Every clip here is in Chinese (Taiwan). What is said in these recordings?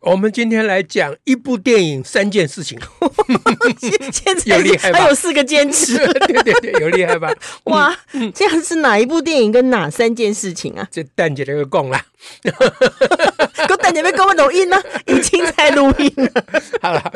我們今天來講一部電影，三件事情，有厲害吧？還有四個堅持，有點厲害吧？哇，這樣是哪一部電影跟哪三件事情啊？這蛋姐又要講了，我蛋姐沒跟我錄音啊，已經在錄音。好了，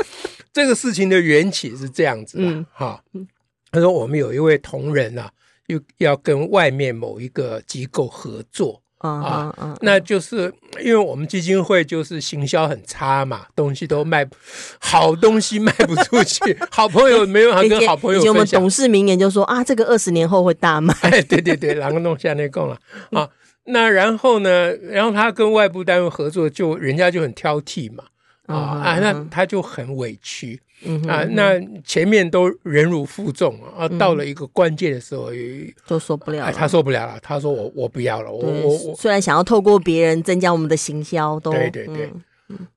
這個事情的源起是這樣子，哈，嗯、他說我們有一位同仁啊，又要跟外面某一個機構合作。啊啊啊，那就是因為我們基金會，就是行銷很差嘛，東西都賣不，好東西賣不出去， 好朋友沒有辦法跟好朋友分享。我們董事名言就說啊，這個二十年後會大賣。 哎，對對對，然後弄下來夠了啊。那然後呢？然後他跟外部單位合作就，就人家就很挑剔嘛。啊，那他就很委屈啊！那前面都忍辱負重啊，到了一個關鍵的時候，都受不了。他受不了了。他說：“我我不要了。”我我雖然想要透過別人增加我們的行銷，對對對。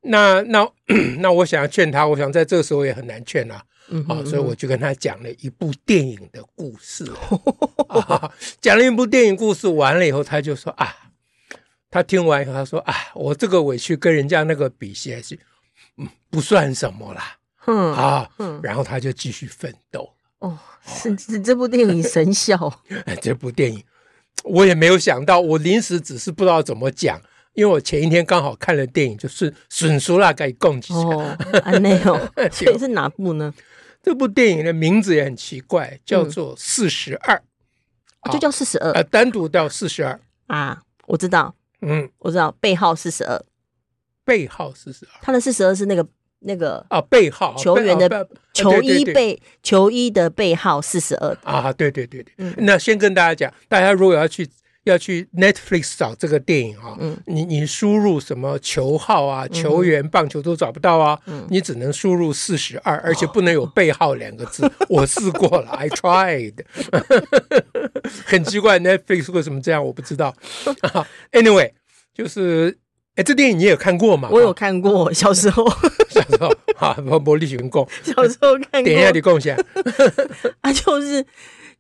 那那那，我想要勸他，我想在這個時候也很難勸啊。啊，所以我就跟他講了一部電影的故事，講了一部電影故事。完了以後，他就說：“啊，他聽完以後，他說：‘啊，我這個委屈跟人家那個比，還是……’”嗯、不算什麼啦，然後他就繼續奮鬥。哦是，是這部電影神效。啊、這部電影我也沒有想到，我臨時只是不知道怎麼講，因為我前一天剛好看了電影，就是損叔大概講幾句。哦，沒有 對，所以是哪部呢？這部電影的名字也很奇怪，叫做《四十二》啊，就叫《四十二》啊，單獨叫《四十二》啊，我知道，嗯，我知道，背號四十二。背號四十二，他的四十二是那個那個啊，背號球員的球衣背球衣的背號四十二啊，對對對，那先跟大家講，大家如果要去要去 Netflix 找這個電影啊，你你輸入什麼球號啊，球員棒球都找不到啊，你只能輸入四十二，而且不能有背號兩個字，我試過了，I tried，很奇怪 Netflix 為什麼這樣，我不知道，Anyway，就是。哎，這電影你也有看過嗎？我有看過，啊、小時候。小時候，哈，波波歷史貢小時候看過。等一下，你共享。啊，就是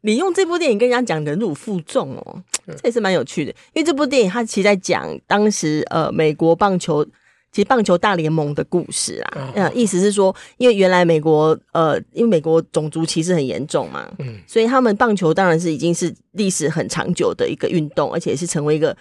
你用這部電影跟人家講忍辱負重哦，嗯、這也是蠻有趣的。因為這部電影它其實在講當時呃美國棒球，其實棒球大聯盟的故事啊。嗯。意思是說，因為原來美國呃，因為美國種族歧視很嚴重嘛，嗯，所以他們棒球當然是已經是歷史很長久的一個運動，而且是成為一個。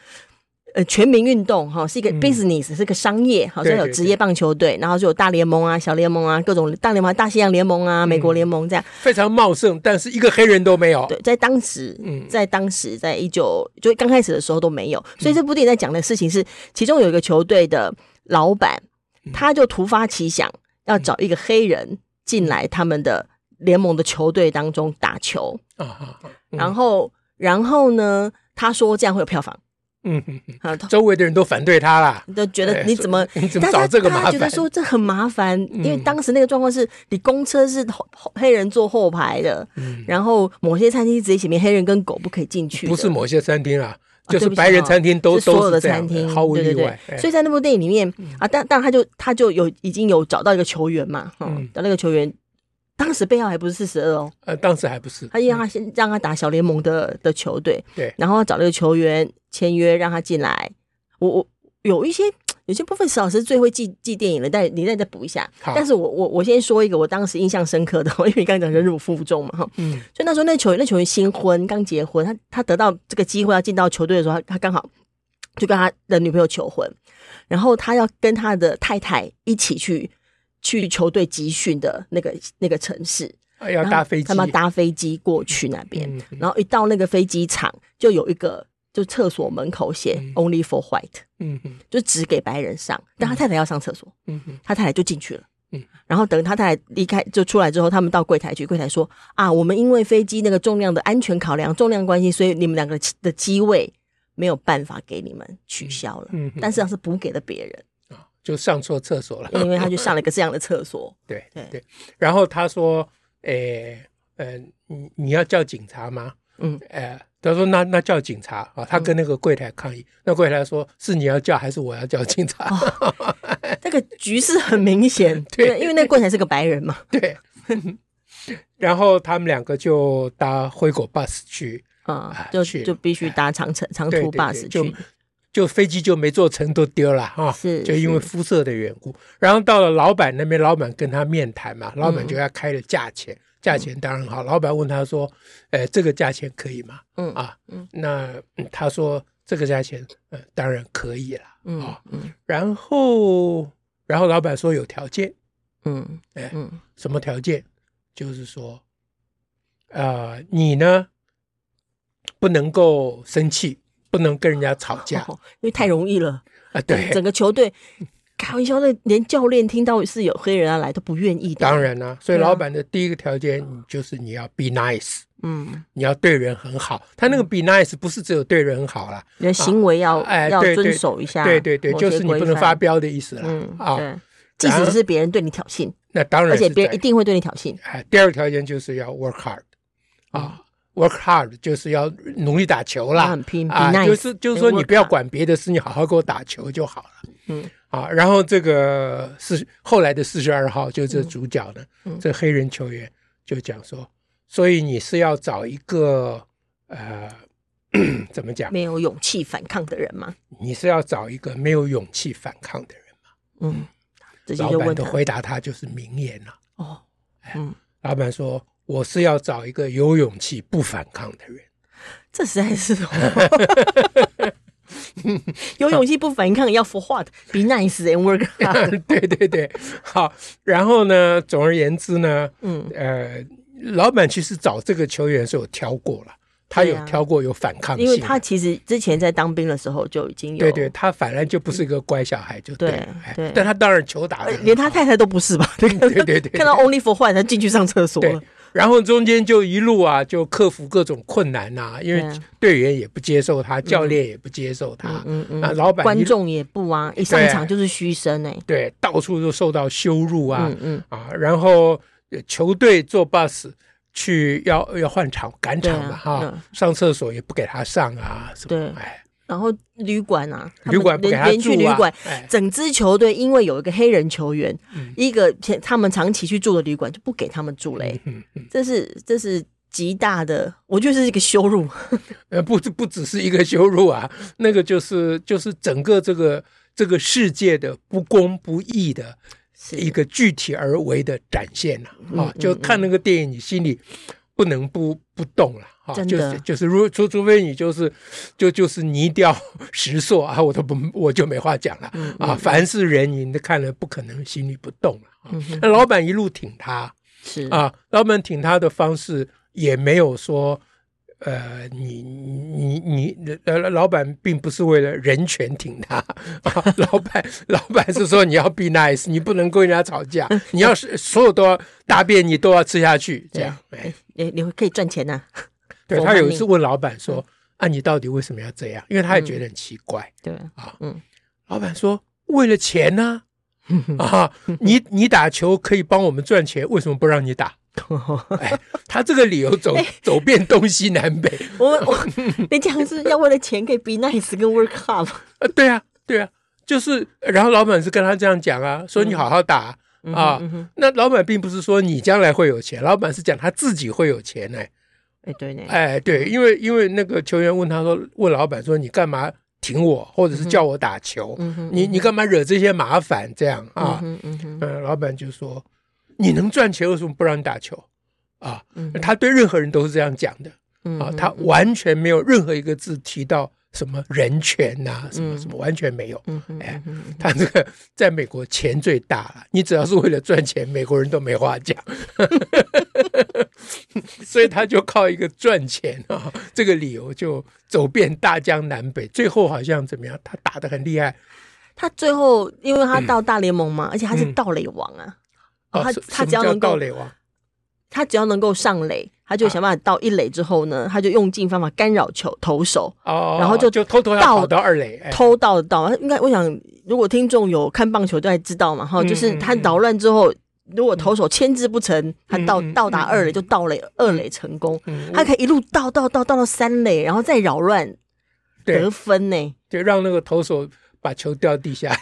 呃，全民運動哈是一個 business，、嗯、是一個商業，好像有職業棒球隊，對對對，然後就有大聯盟啊、小聯盟啊、各種大聯盟、啊、大西洋聯盟啊、嗯、美國聯盟這樣，非常茂盛，但是一個黑人都沒有。對，在當時，嗯、在當時，在一九就剛開始的時候都沒有，所以這部電影在講的事情是，其中有一個球隊的老闆，嗯、他就突發奇想，嗯、要找一個黑人進來他們的聯盟的球隊當中打球、嗯、然後然後呢，他說這樣會有票房。嗯，嗯，周圍的人都反對他啦，都覺得你怎麼、哎、你怎麼找這個麻煩？但是他覺得說這很麻煩，嗯、因為當時那個狀況是你公車是黑人坐後排的，嗯、然後某些餐廳直接寫明黑人跟狗不可以進去，不是某些餐廳啊，就是白人餐廳都，啊哦、都是所有的餐廳，毫無例外對對對，哎、所以在那部電影裡面啊，但但他就他就有已經有找到一個球員嘛，哈、哦，嗯、到那個球員。當時背號還不是四十二哦，呃，當時還不是，他讓他先讓他打小聯盟的的球隊，對、嗯，然後找那個球員簽約讓他進來。我我有一些有一些部分史老師最會記記電影了，但你再再補一下。好但是我我我先說一個我當時印象深刻的，我因為剛講忍辱負重嘛，嗯，所以那時候那球員那球員新婚剛結婚，他他得到這個機會要進到球隊的時候，他他剛好就跟他的女朋友求婚，然後他要跟他的太太一起去。去球隊集訓的那個那個城市，啊、要搭飛機，他們搭飛機過去那邊，嗯、哼然後一到那個飛機場，就有一個就廁所門口寫、嗯、哼 only for white，嗯哼就只給白人上，但他太太要上廁所，嗯哼他太太就進去了，嗯哼，然後等他太太離開就出來之後，他們到櫃台去櫃台說啊，我們因為飛機那個重量的安全考量，重量關係，所以你們兩個的機位沒有辦法給你們取消了，嗯哼，但是他是補給了別人。就上錯廁所了，因為他就上了一個這樣的廁所。對對對，然後他說：“誒，嗯，你你要叫警察嗎？”嗯，誒，他說：“那那叫警察啊！”他跟那個櫃台抗議，那櫃台說：“是你要叫還是我要叫警察？”這個局勢很明顯，對，因為那櫃台是個白人嘛。對。然後他們兩個就搭灰狗巴士去，啊，就就必須搭長程長途巴士去。就飛機就沒坐成，都丟了哈。哦、是，是，就因為膚色的緣故。然後到了老闆那邊，老闆跟他面談嘛，老闆就要開了價錢，嗯、價錢當然好。老闆問他說：“哎、呃，這個價錢可以嗎？”嗯啊，嗯，那他說這個價錢，嗯、呃，當然可以了。啊、哦，嗯，嗯，然後，然後老闆說有條件。嗯，嗯，哎，嗯，什麼條件？就是說，啊、呃，你呢，不能夠生氣。不能跟人家吵架，因為太容易了啊！對，整個球隊開玩笑的，連教練聽到是有黑人要來都不願意的。當然啦，所以老板的第一個條件就是你要 be nice，嗯，你要對人很好。他那個 be nice 不是只有對人很好啦，你的行為要要遵守一下，對對對，就是你不能發飆的意思啦。嗯啊，即使是別人對你挑釁，那當然，而且別人一定會對你挑釁。第二個條件就是要 work hard，啊。Work hard，就是要努力打球啦。很拼，就是就是說，你不要管別的事，你好好給我打球就好了。嗯，啊，然後這個四後來的四十二號，就是主角呢，嗯、這黑人球員就講說，嗯、所以你是要找一個呃，怎麼講？沒有勇氣反抗的人嗎？你是要找一個沒有勇氣反抗的人嗎？嗯，自己就問老板的回答他就是名言了、啊。哦，嗯、哎，老板說。我是要找一個有勇氣不反抗的人，這實在是有勇氣不反抗要說話的，be nice and work hard。對對對，好。然後呢，總而言之呢，嗯，呃，老板其實找這個球員是有挑過了，他有挑過有反抗，因為他其實之前在當兵的時候就已經有。對對，他反而就不是一個乖小孩，就對對。但他當然球打，連他太太都不是吧？對對對，看到 only for white，他進去上廁所了。然後中間就一路啊，就克服各種困難吶、啊，因為隊員也不接受他，啊、教練也不接受他，嗯啊，那老板、觀眾也不啊，一上場就是噓聲哎，對，到處都受到羞辱啊，嗯嗯啊，然後球隊坐 bus 去要要換場趕場了、啊、哈，啊、上廁所也不給他上啊，什麼，對，哎。然後旅館啊，他們連旅館不給他、啊、連、連去旅館，啊、整支球隊因為有一個黑人球員，嗯、一個他們長期去住的旅館就不給他們住嘞、欸嗯嗯嗯、這是這是極大的，我覺得是一個羞辱。 呃，不，不只是一個羞辱啊，那個就是就是整個這個這個世界的不公不義的是一個具體而為的展現了啊！就看那個電影，嗯、你心裡不能不不動了、啊。就是、啊、就是，就是、如除除非你就是，就就是泥雕石塑啊，我都不我就沒話講了、嗯嗯、啊。凡是人，你都看了不可能心裡不動了、啊啊嗯、哼那老闆一路挺他是啊，老闆挺他的方式也沒有說，呃，你你你，你呃，老闆並不是為了人權挺他啊。 老闆老闆是說你要 be nice， 你不能跟人家吵架， 你要是所有都要大便你都要吃下去，這樣對哎，你你會可以賺錢呢、啊。對他有一次問老闆說：“啊，你到底為什麼要這樣？”因為他也覺得很奇怪。對啊，老闆說：“為了錢呢，啊，你你打球可以幫我們賺錢，為什麼不讓你打？”哎，他這個理由走走遍東西南北。我，我，你講的是要為了錢可以 be nice 跟 work hard 嗎？呃，對啊，對啊，就是。然後老闆是跟他這樣講啊，說：“你好好打啊。”那老闆並不是說你將來會有錢，老闆是講他自己會有錢哎。哎對，哎、對，因為因為那個球員問他說：“問老板說，你幹嘛挺我，或者是叫我打球？你你幹嘛惹這些麻煩？這樣啊？嗯，老板就說：“你能賺錢為什麼不讓你打球？啊？他對任何人都是這樣講的。啊，他完全沒有任何一個字提到什麼人權吶、啊，什麼什麼，完全沒有。哎，他這個在美國錢最大了，你只要是為了賺錢，美國人都沒話講。 所以他就靠一個賺錢啊、哦、這個理由就走遍大江南北，最後好像怎麼樣？他打得很厲害，他最後因為他到大聯盟嘛，嗯，而且他是盜壘王啊，他他只要能夠，盜壘王、他只要能夠盜壘王，上壘，他就想辦法到一壘之後呢，他就用盡方法干擾球投手，然後就，哦、就偷偷盜到二壘，哎，偷盜盜，應該我想如果聽眾有看棒球都還知道嘛哈，嗯，就是他搗亂之後。如果投手牽制不成，他到到達二壘就到了二壘成功，他可以一路到到到到到三壘，然後再擾亂得分呢？對，就讓那個投手把球掉地下。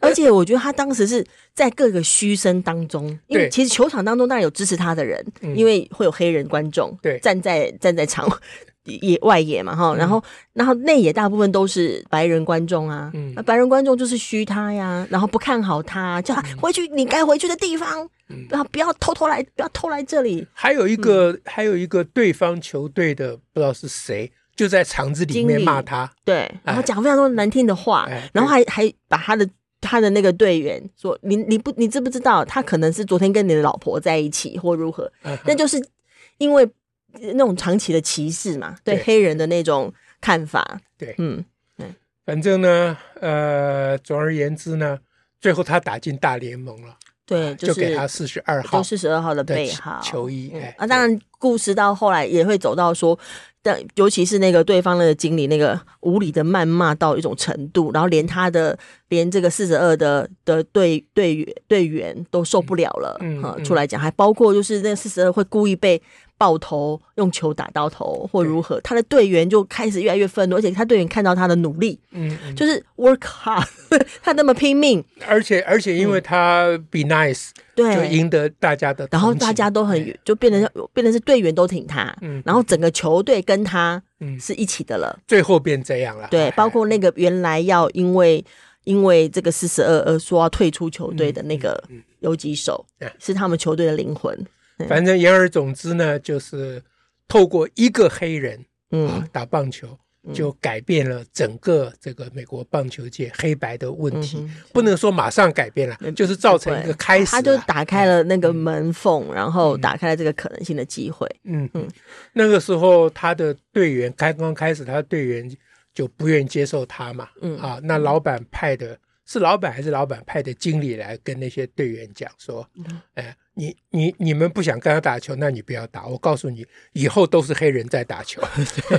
而且我覺得他當時是在各個噓聲當中，因為其實球場當中當然有支持他的人，因為會有黑人觀眾，對，站在站在場野外野嘛哈，嗯、然後然後內野大部分都是白人觀眾啊，那、嗯、白人觀眾就是噓他呀，然後不看好他，叫他回去你該回去的地方，然後、嗯、不要偷偷來，不要偷來這裡。還有一個、嗯、還有一個對方球隊的不知道是誰，就在場子裡面罵他，對，哎、然後講非常多難聽的話，哎、然後還、哎、還把他的他的那個隊員說，你你不你知不知道他可能是昨天跟你的老婆在一起或如何？哎、哼那就是因為。那種長期的歧視嘛，對黑人的那種看法，對，嗯，對，反正呢，呃，總而言之呢，最後他打進大聯盟了，對，就是，就給他四十二號，四十二號的背號球衣。啊，當然，故事到後來也會走到說，但對尤其是那個對方的經理那個無理的謾罵到一種程度，然後連他的連這個四十二的的隊隊員隊員都受不了了，嗯，出來講，還包括就是那四十二會故意被爆頭用球打到頭或如何，他的隊員就開始越來越憤怒，而且他隊員看到他的努力，嗯，嗯就是 work hard，呵呵他那麼拼命，而且而且因為他 be nice，、嗯、對，就贏得大家的，然後大家都很對就變成變成是隊員都挺他，嗯、然後整個球隊跟他嗯是一起的了、嗯，最後變這樣了，對，嘿嘿包括那個原來要因為因為這個四十二而說要退出球隊的那個游擊手，嗯嗯嗯 yeah. 是他們球隊的靈魂。反正言而總之呢，就是透過一個黑人，嗯、啊，打棒球就改變了整個這個美國棒球界黑白的問題。嗯、哼不能說馬上改變了，嗯、就是造成一個開始、啊。他就打開了那個門縫，嗯、然後打開了這個可能性的機會。嗯嗯，嗯那個時候他的隊員剛剛開始，他的隊員就不願意接受他嘛。嗯啊，那老闆派的是老闆還是老闆派的經理來跟那些隊員講說，欸你你你們不想跟他打球，那你不要打。我告訴你，以後都是黑人在打球，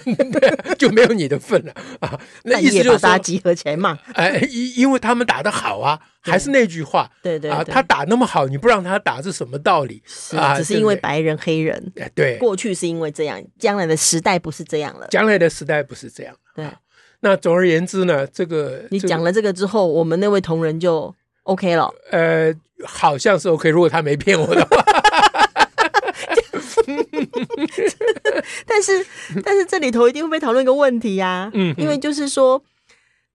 就沒有你的份了啊！那意思就是說， 集合起來嘛。哎，因因為他們打得好啊，對還是那句話，對對，對啊，他打那麼好，你不讓他打是什麼道理？對對對啊是，只是因為白人黑人，哎，對，對，對，過去是因為這樣，將來的時代不是這樣了。將來的時代不是這樣了對、啊。那總而言之呢，這個你講了這個之後，這個、我們那位同仁就。OK 了，呃，好像是 OK，如果他沒騙我的話。 但是，但是這裡頭一定會被討論一個問題呀、啊，嗯哼，因為就是說，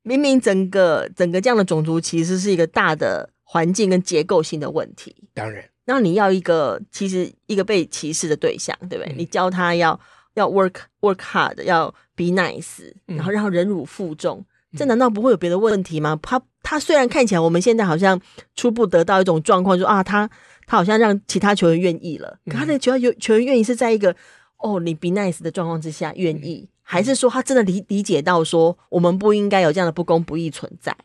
明明整個整個這樣的種族其實是一個大的環境跟結構性的問題。當然，那你要一個其實一個被歧視的對象，對不對？嗯、你教他要要 work work hard，要 be nice，、嗯、然後然後忍辱負重。這難道不會有別的問題嗎？他他雖然看起來我們現在好像初步得到一種狀況，就是，說啊，他他好像讓其他球員願意了。可他的球員球員願意是在一個，嗯、哦你 be nice 的狀況之下願意，嗯、還是說他真的理理解到說我們不應該有這樣的不公不義存在？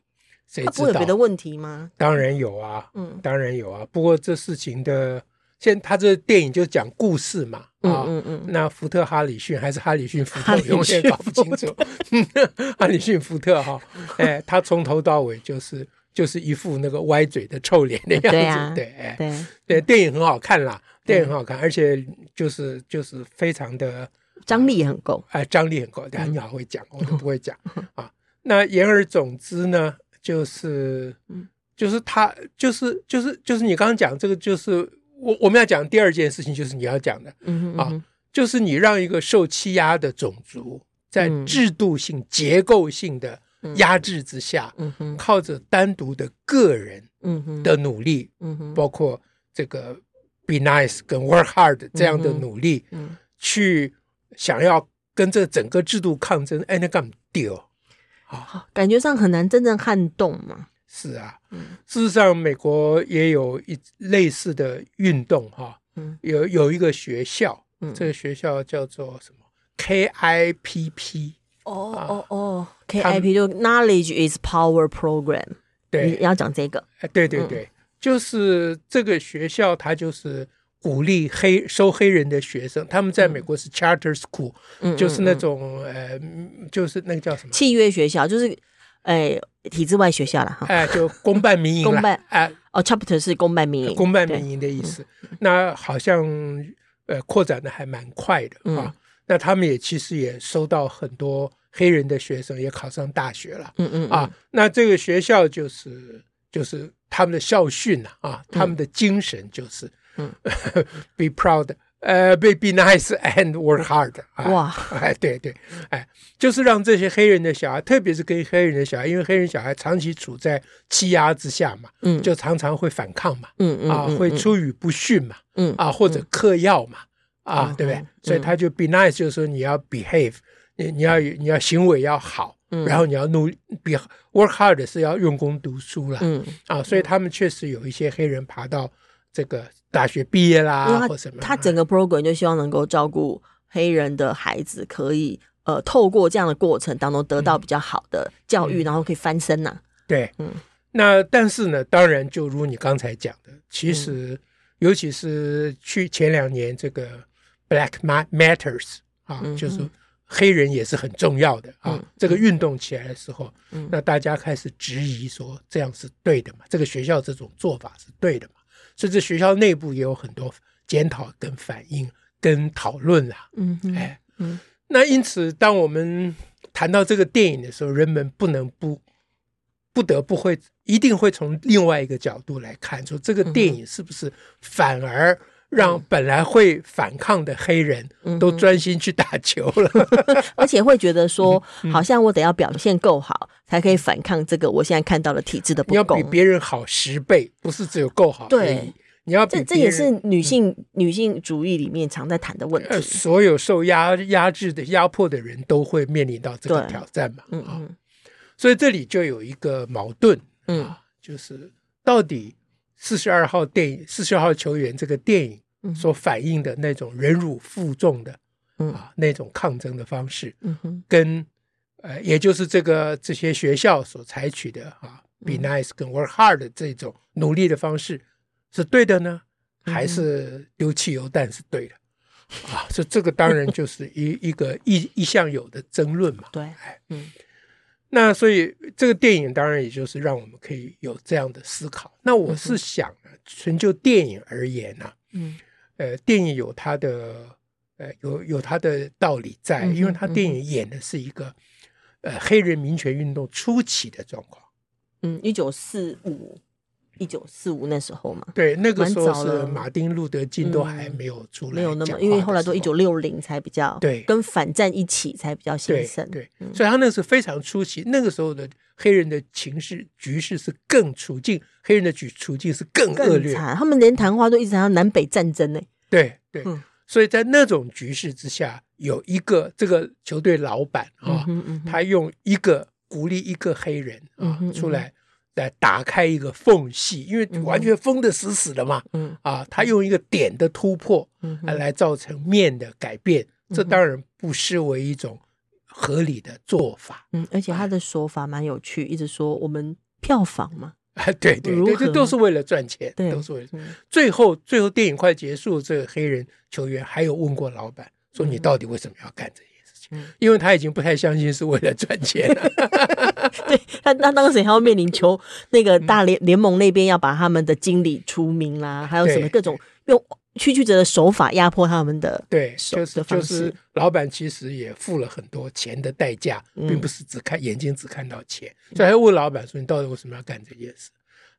他不會有別的問題嗎？當然有啊，嗯，當然有啊。不過這事情的現，他這電影就是講故事嘛。嗯嗯嗯，那福特哈里遜還是哈里遜福特，有點搞不清楚。哈里遜福特哈，哎，他從頭到尾就是就是一副那個歪嘴、的臭臉的樣子，對，哎，對，對，電影很好看啦，電影很好看，而且就是就是非常的張力也很夠，哎，張力很夠。你好會講，我們不會講啊。那言而總之呢，就是，就是他，就是就是就是你剛剛講這個，就是。我我們要講第二件事情，就是你要講的、嗯、哼啊，就是你讓一個受欺壓的種族在制度性、嗯、結構性的壓制之下，嗯哼嗯、哼靠着單獨的個人的努力，嗯哼嗯、哼包括這個 be nice 跟 work hard 這樣的努力，嗯哼嗯哼嗯、去想要跟這整個制度抗爭，and get deal，好，哎那個啊、感覺上很難真正撼動嘛。是啊，嗯，事實上，美國也有一類似的運動哈，嗯，有有一個學校，這個學校叫做什麼 KIPP？哦哦哦 KIP 就 Knowledge is Power Program，對，你要講這個，哎，對對對，就是這個學校，它就是鼓勵黑收黑人的學生，他們在美國是 Charter School，就是那種呃，就是那個叫什麼契約學校，就是哎。體制外學校了哈，哎，就公辦民營了，哎 辦，啊、哦，chapter 是公辦民營，公辦民營的意思。對那好像呃，擴展的還蠻快的，嗯、啊。那他們也其實也收到很多黑人的學生，也考上大學了，嗯嗯，嗯啊。那這個學校就是就是他們的校訓啊，啊，他們的精神就是，嗯，嗯 ，be proud。呃，be nice and work hard 啊，哇，對對，哎，就是讓這些黑人的小孩，特別是跟黑人的小孩，因為黑人小孩長期處在欺壓之下嘛，就常常會反抗嘛，啊，會出語不遜嘛，啊，或者嗑藥嘛，啊，對不對？所以他就 be nice，就是說你要 behave，你你要你要行為要好，然後你要努力 work hard 是要用功讀書了，啊，所以他們確實有一些黑人爬到這個。大學畢業啦，或什麼？他整個 program 就希望能夠照顧黑人的孩子，可以呃，透過這樣的過程當中得到比較好的教育，然後可以翻身吶。對，嗯，那但是呢，當然，就如你剛才講的，其實尤其是去前兩年這個 Black Lives Matter 啊，就是黑人也是很重要的啊。這個運動起來的時候，那大家開始質疑說，這樣是對的嘛？這個學校這種做法是對的嘛？甚至學校內部也有很多檢討跟反應跟討論啊，嗯哼、哎、嗯，哎，嗯，那因此，當我們談到這個電影的時候，人們不能不不得不會一定會從另外一個角度來看出這個電影是不是反而。讓本來會反抗的黑人都專心去打球了、嗯，嗯、 而且會覺得說，嗯嗯、好像我得要表現夠好，嗯嗯、才可以反抗這個。我現在看到的體質的不夠，體制的不公，你要比別人好十倍，不是只有夠好，對，你要比，這，這也是女性、嗯、女性主義裡面常在談的問題。呃、所有受壓壓制的壓迫的人都會面臨到這個挑戰嘛。嗯嗯、啊，所以這裡就有一個矛盾，嗯、啊，就是到底。四十二號電影，四十二號球員，這個電影所反映的那種忍辱負重的，嗯、啊，那種抗爭的方式，嗯、跟呃，也就是這個這些學校所採取的啊、嗯、be nice 跟 work hard 的這種努力的方式，是對的呢，還是丟汽油彈是對的？嗯、啊，所以個當然就是一 一個一一向有的爭論嘛。對，哎、嗯。那所以這個電影當然也就是讓我們可以有這樣的思考。那我是想，呢、嗯哼，純就電影而言呢、啊，嗯，呃，電影有它的，呃，有有它的道理在，嗯嗯嗯嗯，因為它電影演的是一個，呃，黑人民權運動初期的狀況，嗯，一九四五。一九四五那時候嘛，對，那個時候是馬丁路德金都還沒有出來、嗯，沒有那麼，因為後來都一九六零才比較，對，跟反戰一起才比較興盛，對，嗯、所以他那是非常出奇。那個時候的黑人的情勢局勢是更處境，黑人的局處境是更惡劣，慘，他們連談話都一直談到南北戰爭呢、欸。對對，嗯、所以在那種局勢之下，有一個這個球隊老闆啊，嗯哼嗯哼，他用一個鼓勵一個黑人啊嗯哼，嗯哼出來。來打開一個縫隙，因為完全封的死死的嘛。嗯啊，他用一個點的突破，來來造成面的改變，嗯、哼這當然不失為一種合理的做法。嗯，而且他的說法蠻有趣，嗯、一直說我們票房嘛，啊， 對對對，這何都是為了賺錢，對都是為了。嗯、最後，最後電影快結束，這個黑人球員還有問過老板說：“你到底為什麼要幹這個？”嗯因為他已經不太相信是為了賺錢了 了，對他，他當時還要面臨求那個大聯聯盟那邊要把他們的經理除名啦、啊，還有什麼各種用曲曲折的手法壓迫他們的手，對，就是的就是老板其實也付了很多錢的代價，並不是只看眼睛只看到錢，所以他問老板說，你到底為什麼要幹這件事？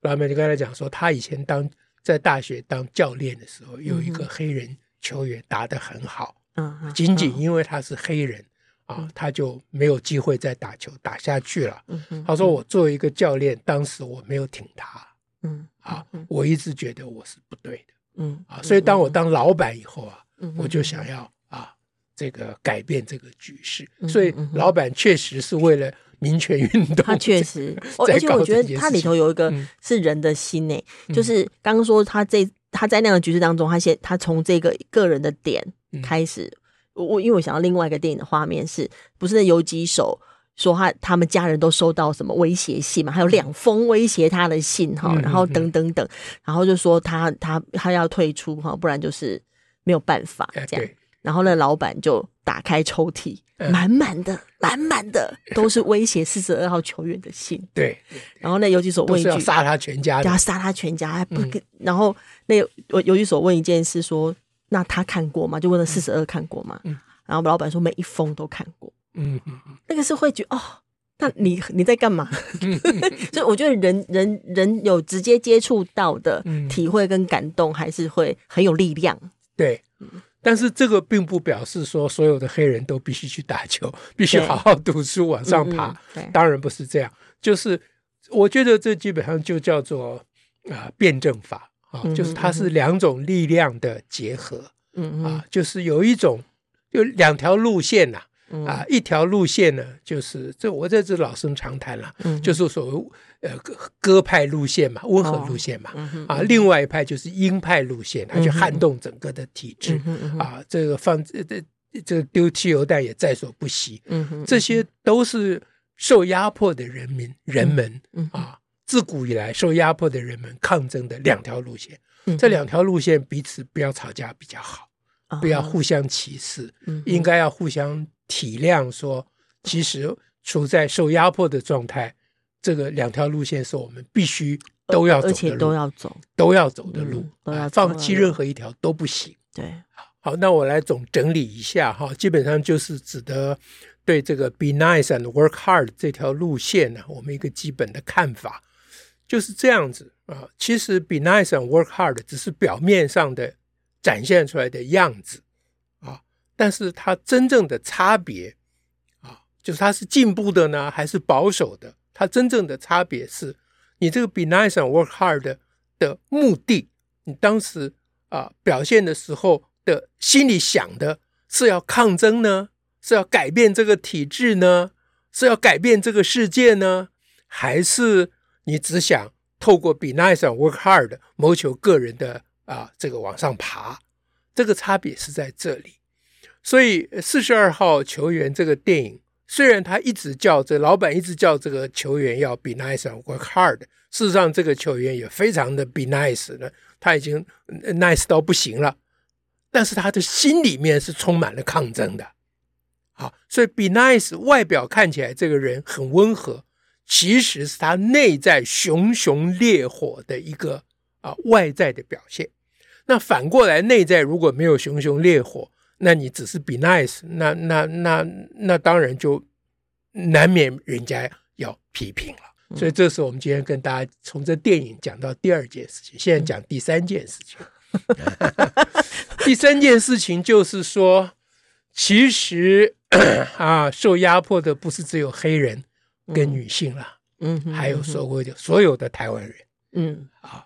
老闆就跟他講說，他以前當在大學當教練的時候，有一個黑人球員打得很好。嗯嗯，僅僅因為他是黑人，啊，他就沒有機會再打球打下去了。他說我作為一個教練，當時我沒有挺他，嗯，啊，我一直覺得我是不對的，嗯，啊，所以當我當老板以後啊，我就想要啊，這個改變這個局勢。所以老板確實是為了民權運動，他確實，而且我覺得他裡頭有一個是人的心呢，就是剛剛說他這他在那樣的局勢當中，他先他從這個個人的點。開始，我我因為我想到另外一個電影的畫面是，是不是那游擊手說他他們家人都收到什麼威脅信嘛？還有兩封威脅他的信哈，嗯、然後等等等，嗯嗯、然後就說他他他要退出哈，不然就是沒有辦法這樣。啊、對，然後那老闆就打開抽屜，嗯、滿滿的滿滿的都是威脅四十二號球員的信。對，對對，然後那游擊手問一句，要殺他全家，他殺他全家還不給。然後那我游擊手問一件事說。那他看過嗎？就問了四十二看過嗎？嗯、然後老闆說每一封都看過。嗯嗯嗯，那個是會覺得哦，那你你在幹嘛？嗯、 所以我覺得人人人有直接接觸到的體會跟感動，還是會很有力量。對，嗯、但是這個並不表示說所有的黑人都必須去打球，必須好好讀書往上爬。對當然不是這樣，對就是我覺得這基本上就叫做啊、呃、辯證法。啊、哦，就是它是兩種力量的結合，嗯、哼啊，就是有一種，就兩條路線吶、啊，嗯、哼啊，一條路線呢，就是這我這是老生常談了、啊，嗯、哼就是所謂呃鴿派路線嘛，溫和路線嘛，哦嗯、啊，另外一派就是鷹派路線，它去撼動整個的體制，嗯、哼啊，這個放這這這丟汽油彈也在所不惜，嗯、哼這些都是受壓迫的人民人們、嗯、哼啊。自古以來，受壓迫的人們抗爭的兩條路線，這兩條路線彼此不要吵架比較好，不要互相歧視，應該要互相體諒。說其實處在受壓迫的狀態，這個兩條路線是我們必須都要走，而且都要走，都要走的路，放棄任何一條都不行。對，好，那我來總整理一下哈，基本上就是指的對這個 “be nice and work hard” 這條路線呢，我們一個基本的看法。就是這樣子啊，其實 Be nice and work hard 只是表面上的展現出來的樣子啊，但是它真正的差別啊，就是它是進步的呢，還是保守的？它真正的差別是，你這個 Be nice and work hard 的，的目的，你當時啊表現的時候的心裡想的是要抗爭呢，是要改變這個體制呢，是要改變這個世界呢，還是？你只想透過 be nice and work hard 謀求個人的啊、呃，這個往上爬，這個差別是在這裡。所以四十二號球員這個電影，雖然他一直叫這老闆，一直叫這個球員要 be nice and work hard，事實上這個球員也非常的 be nice 的，他已經 nice 到不行了。但是他的心裡面是充滿了抗爭的。啊，所以 be nice 外表看起來這個人很溫和。其實是他內在熊熊烈火的一個啊，外在的表現。那反過來，內在如果沒有熊熊烈火，那你只是 be nice，那那那那，那當然就難免人家要批評了。嗯、所以這是我們今天跟大家從這電影講到第二件事情，現在講第三件事情。嗯、 第三件事情就是說，其實咳咳啊，受壓迫的不是只有黑人，跟女性了，嗯，還有社會的所有的台灣人，嗯啊，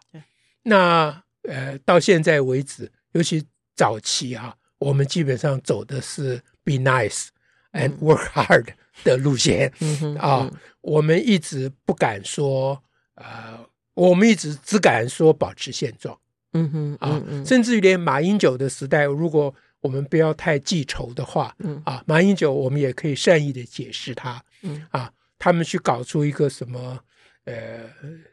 那呃，到現在為止，尤其早期啊，我們基本上走的是 be nice and work hard 的路線，嗯哼啊，我們一直不敢說，呃，我們一直只敢說保持現狀，嗯哼啊，甚至於連馬英九的時代，如果我們不要太記仇的話，嗯啊，馬英九我們也可以善意的解釋他，嗯啊。他們去搞出一個什麼？呃，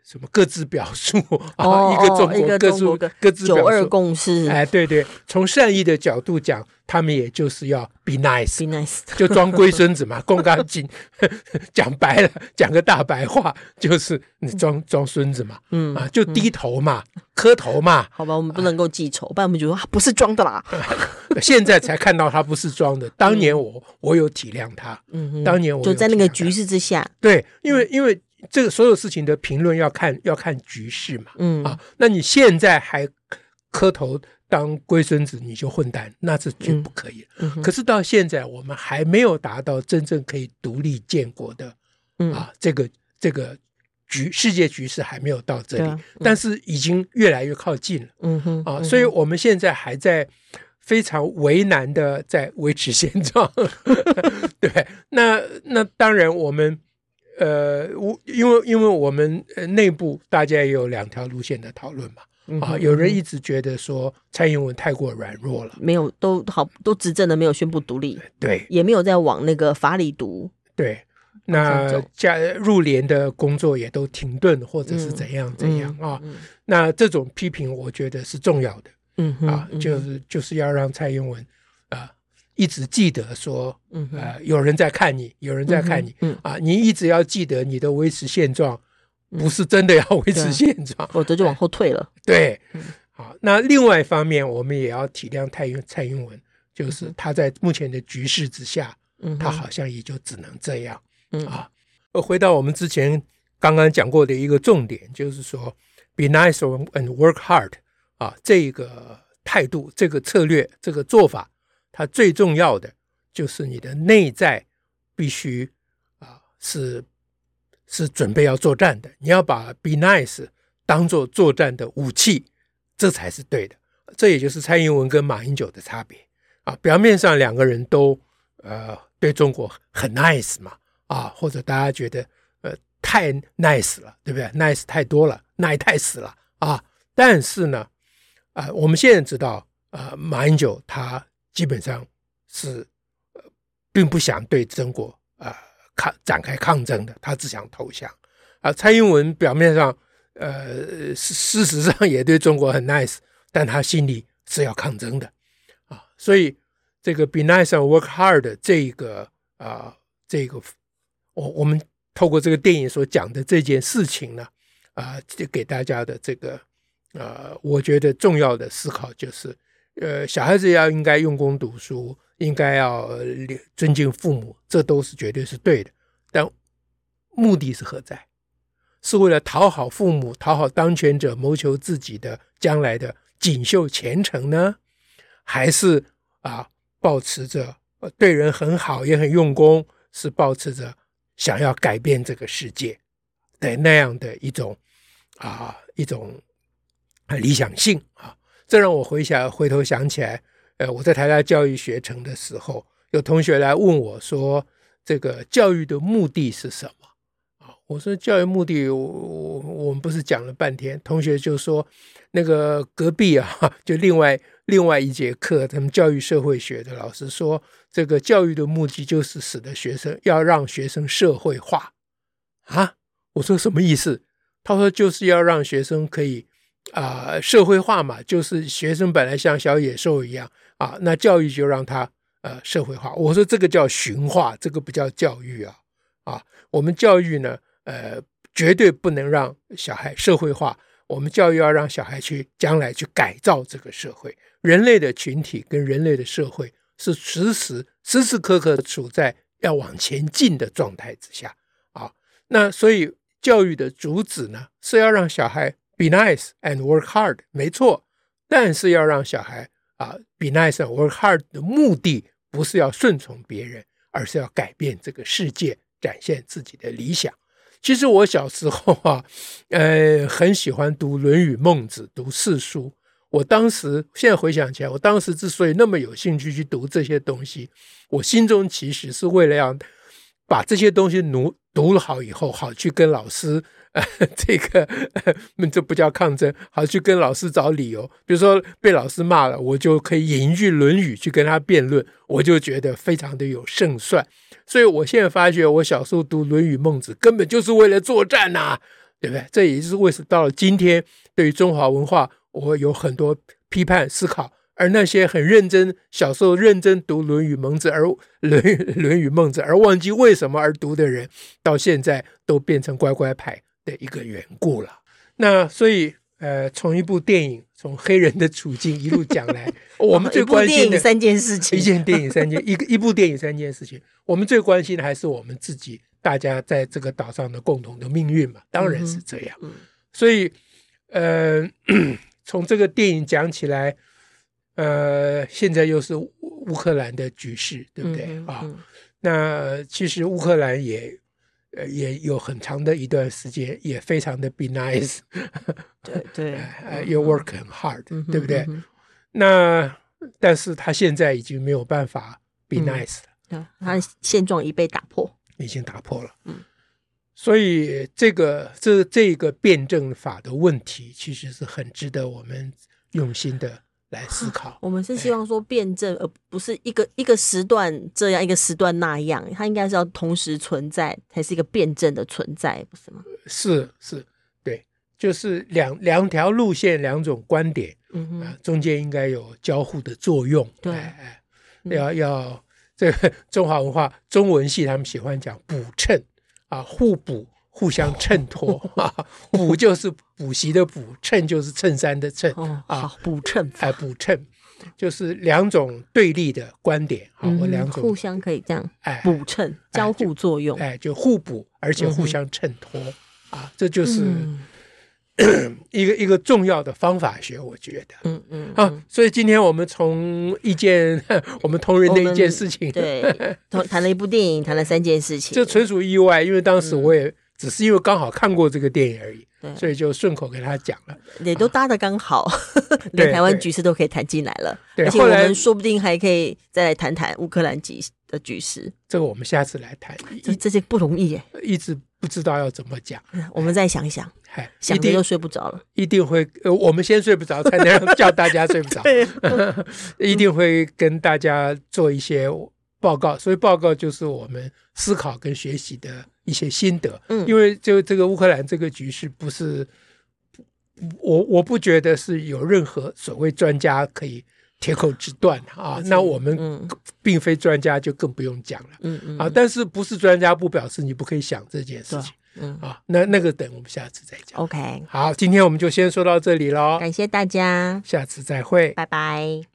什麼各自表述啊？一個中國，各自各自九二共識。哎，對對，從善意的角度講，他們也就是要 be nice，就裝龜孫子嘛，恭干敬。講白了，講個大白話，就是你裝裝孫子嘛，嗯啊，就低頭嘛，磕頭嘛。好吧，我們不能夠記仇，不然我們就說不是裝的啦。現在才看到他不是裝的，當年我我有體諒他，嗯，當年我就在那個局勢之下，對，因為因為。這個所有事情的評論要看要看局勢嘛，嗯、啊，那你現在還磕頭當龜孫子，你就混蛋，那是絕不可以。嗯嗯、可是到現在，我們還沒有達到真正可以獨立建國的，嗯、啊，這個這個局，世界局勢還沒有到這裡，嗯、但是已經越來越靠近了，嗯嗯、啊，所以我們現在還在非常為難的在維持現狀， 對， 那那當然我們。呃，我因為因為我們內部大家也有兩條路線、的討論嘛，嗯、哼啊，有人一直覺得說蔡英文太過軟弱了，嗯、沒有都好都執政的沒有宣布獨立，對，也沒有在往那個法理讀，對，那加入聯的工作也都停頓或者是怎樣怎樣啊，那這種批評我覺得是重要的，嗯哼啊，嗯哼就是就是要讓蔡英文。一直記得說，呃，有人在看你，有人在看你，嗯嗯、啊，你一直要記得你的維持現狀，嗯、不是真的要維持現狀，否則、嗯、就往後退了。嗯、對，好，那另外一方面，我們也要體諒蔡蔡英文，就是他在目前的局勢之下，他、嗯、哼好像也就只能這樣，嗯、哼啊。而回到我們之前剛剛講過的一個重點，就是說，be nice and work hard 啊，這個態度、這個策略、這個做法。他最重要的就是你的內在必須啊、呃、是是準備要作戰的，你要把 be nice 當做作，作戰的武器，這才是對的。這也就是蔡英文跟馬英九的差別啊。表面上兩個人都呃對中國很 nice 嘛啊，或者大家覺得呃太 nice 了，對不對？nice 太多了，nice 太死了啊。但是呢啊、呃，我們現在知道啊、呃，馬英九他。基本上是，並不想對中國啊抗展開抗爭的，他只想投降。啊，蔡英文表面上，呃，事實上也對中國很 nice，但他心裡是要抗爭的，啊，所以這個 be nice and work hard 這個啊、呃，這個我我們透過這個電影所講的這件事情呢，啊、呃，給大家的這個啊、呃，我覺得重要的思考就是。呃，小孩子要應該用功讀書，應該要尊敬父母，這都是絕對是對的。但目的是何在？是為了討好父母、討好當權者，謀求自己的將來的錦繡前程呢？還是啊，保持着、啊、對人很好也很用功，是保持着想要改變這個世界的那樣的一種啊一種很理想性啊。這讓我回想，回頭想起來，呃，我在台大教育學程的時候，有同學來問我說：“這個教育的目的是什麼？”啊，我說教育目的，我我，我們不是講了半天，同學就說那個隔壁啊，就另外另外一節課，他們教育社會學的老師說，這個教育的目的就是使得學生要讓學生社會化啊。我說什麼意思？他說就是要讓學生可以。啊、呃，社會化嘛，就是學生本來像小野獸一樣啊，那教育就讓他呃社會化。我說這個叫馴化，這個不叫教育啊！啊，我們教育呢，呃，絕對不能讓小孩社會化。我們教育要讓小孩去將來去改造這個社會，人類的群體跟人類的社會是時時時時刻刻處在要往前進的狀態之下啊。那所以教育的主旨呢，是要讓小孩。Be nice and work hard，沒錯，但是要讓小孩啊，uh，be nice and work hard 的目的不是要順從別人，而是要改變這個世界，展現自己的理想。其實我小時候啊，呃，很喜歡讀《論語》《孟子》讀四書。我當時現在回想起來，我當時之所以那麼有興趣去讀這些東西，我心中其實是為了要把這些東西奴。讀了好以後，好去跟老師，呃、這個、呃、這不叫抗爭，好去跟老師找理由。比如說被老師罵了，我就可以引一句《論語》去跟他辯論，我就覺得非常的有勝算。所以，我現在發覺，我小時候讀《論語》《孟子》，根本就是為了作戰吶、啊，對不對？這也就是為什麼到了今天，對於中華文化，我有很多批判思考。而那些很認真小時候認真讀《論語》《孟子》，而《論語》《論語》《孟子》，而忘記為什麼而讀的人，到現在都變成乖乖牌的一個緣故了。那所以，呃，從一部電影，從黑人的處境一路講來， 我們最關心的三件事情，一件電影三件，一個一部電影三件事情。我們最關心的還是我們自己，大家在這個島上的共同的命運嘛，當然是這樣。嗯嗯。所以，呃，從這個電影講起來。呃，現在又是烏克蘭的局勢，對不對啊、嗯嗯哦？那其實烏克蘭也呃也有很長的一段時間，也非常的 be nice，對對，you work hard，嗯哼嗯哼對不對？嗯哼嗯哼那但是他現在已經沒有辦法 be nice 了、嗯，嗯、他現狀已被打破，已經打破了。嗯、所以這個這這個辯證法的問題，其實是很值得我們用心的。嗯來思考，我們是希望說辯證，哎、而不是一個一個時段這樣一個時段那樣，它應該是要同時存在，才是一個辯證的存在，不是嗎？是是，對，就是兩兩條路線，兩種觀點，嗯、啊、嗯，中間應該有交互的作用，對、嗯哼哎哎，要要，這個中華文化中文系他們喜歡講補襯啊，互補。互相襯托，補就是補習的補，襯就是襯衫的襯啊。補襯哎，補襯就是兩種對立的觀點，好，我兩種互相可以這樣哎，補襯交互作用哎，就互補，而且互相襯托啊，這就是一個一個重要的方法學，我覺得嗯嗯啊，所以今天我們從一件我們同仁的一件事情，對，談談了一部電影，談了三件事情，這純屬意外，因為當時我也。只是因為剛好看過這個電影而已，啊、所以就順口給他講了。也都搭的剛好，啊、連台灣局勢都可以談進來了。對，對，而且我們說不定還可以再來談談烏克蘭局的局勢。這個我們下次來談，這這些不容易耶，一直不知道要怎麼講，嗯，我們再想一想。嗨，想的又睡不着了。一定，一定會、呃，我們先睡不着，才能叫大家睡不着。 對、啊， 一定會跟大家做一些。報告，所以報告就是我們思考跟學習的一些心得。嗯，因為就這個烏克蘭這個局勢，不是，我我不覺得是有任何所謂專家可以鐵口直斷啊。是是，那我們並非專家，就更不用講了。嗯嗯。啊，但是不是專家不表示你不可以想這件事情。嗯。嗯啊，那那個等我們下次再講。OK。好，今天我們就先說到這裡嘍。感謝大家，下次再會，拜拜。